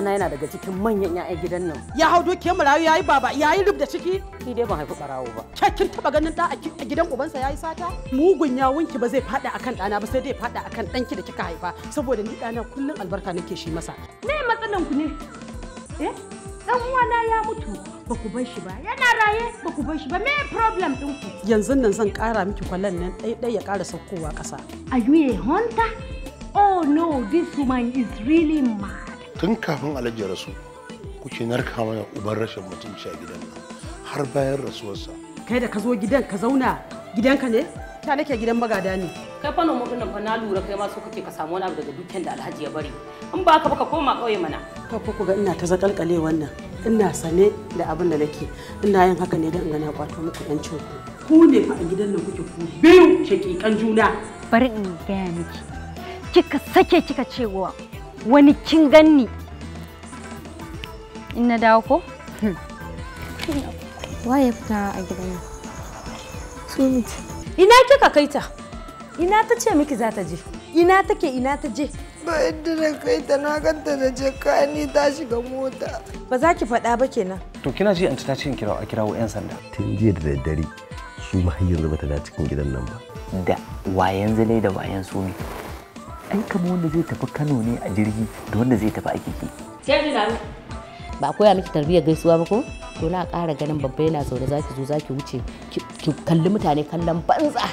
ɗana yana daga cikin manyan 'ya'yan gidan nan ya hau dukiyar marayu yayi baba yayi rub da ciki ni dai ban haifi barawo ba kin taba ganin da a gidan ubansa yayi sata mugun yawunki ba zai faɗa akan ɗana ba sai dai faɗa akan ɗanki da kika haifa saboda ni dana kullum albarka nake shi masa me matsalan ku ne eh dan uwana ya mutu ba ku bar shi ba yana raye ba ku bar shi ba me problem din ku yanzu nan zan kara miki kwallon nan ɗaiɗai ya ƙara saukowa ƙasa are you a hunter oh no this woman is really mad tun kafin alajar rasu kuke narka mana uban rashin mutunci a gidan nan har bayan rasuwarsa kai da ka zo gidan ka zauna gidanka ne ta nake gidan magada ne kai fa mu dinnan fa na lura kai ma so kake ka samu wani abu daga dukkan da alhaji ya bari in ba ka ba ka koma kauye mana to ko ku ga ina ta zakalkale wannan ina sane da abin da nake ina yin haka ne don in gana kwato muku dan ku ku ne fa a gidan nan kuke ku biyu shakikan juna bari in gaya miki kika sake kika cewa wani kin ganni in na dawo ko? Hmm. waye fita a gidan nan ina kika kaita? ina ta ce miki za ta je ina take ina ta je ba yadda na kai ta na ganta da je ni ta shiga mota ba za ki faɗa ba kenan to kina ji an ta ce in a kirawo yan sanda tun jiya da daddare su ma har yanzu bata da cikin gidan nan ba da wayan zane da wayan su ne ai kamar wanda zai tafi kano ne a jirgi da wanda zai tafi akiki ba a koya miki tarbiyyar gaisuwa ba ko to na ƙara ganin babba yana zaune za ki zo zaki wuce ki kalli mutane kallon banza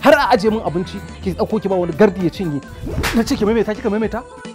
har a aje min abinci ki ɗauko ki ba wani gardi ya cinye na ce ki maimaita kika maimaita